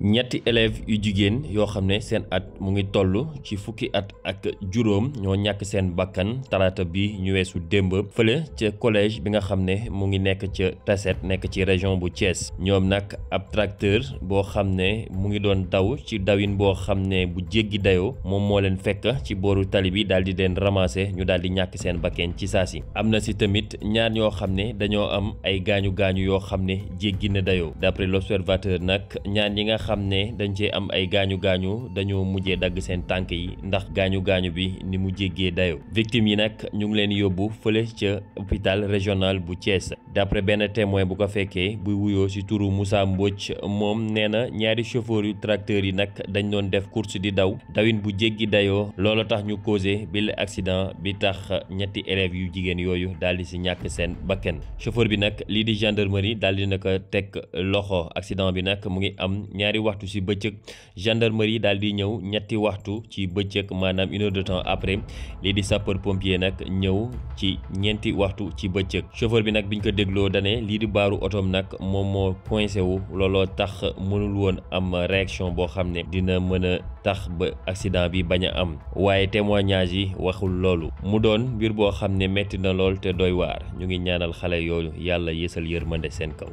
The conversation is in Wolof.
ñetti élève yu jigen yo xamné sen at mu ngi tollu ci fukki at ak jurum ño ñak sen bakkan talaata bi ñu wessu demb feulé ci collège bi nga xamné mu ngi nekk ci Tasset nekk ci région bu Thiès ñom nak ab tracteur bo xamné mu ngi doon daw ci dawin bo xamné bu jéggi dayo mom mo leen fekk ci boru tali bi daal di ramasser ñu daal di ñàkk seen ci sasi am ci tamit ñaar ño xamné ne dañoo am ay gañu gañu yo xamné jéggi na dayo d'après l'observateur nak ñaan yi nga xamne dañ ci am ay gañu gañu dañu mujjé dag sen tank yi ndax gañu gañu bi ni mu jéggee dayo victime yi nak ñu ngi leen yobbu feulé ci hôpital régional bu Thiès d'après ben témoin bu ko féké bu wuyoo ci turu Moussa Mbotch mom néna ñaari chauffeur yu tracteur yi nak dañ doon def course di daw dawin bu jéggi dayo lolo tax ñu causé bile accident bi tax ñetti élève yu jigen yoyu dal di si ñàkk seen bakken chauffeur bi nak li di gendarmerie dal di na tek loxo accident bi nak mu ngi am ñaari ñaari waxtu ci bëccëg gendarmerie daal di ñëw ñetti waxtu ci bëccëg maanaam une de temps après lii di sapeur pompier nag ñëw ci ñeenti waxtu ci bëccëg chauffeur bi nag biñ ko dégloo dane lii di baaru otoom nag moom moo coincé wu looloo tax mënul woon am réaction boo xam ne dina mën a tax ba accident bi bañ a am waaye témoignage yi waxul loolu mu doon mbir boo xam ne metti na lool te doy waar ñu ngi ñaanal xale yooyu yàlla yéesal yërmande seen kaw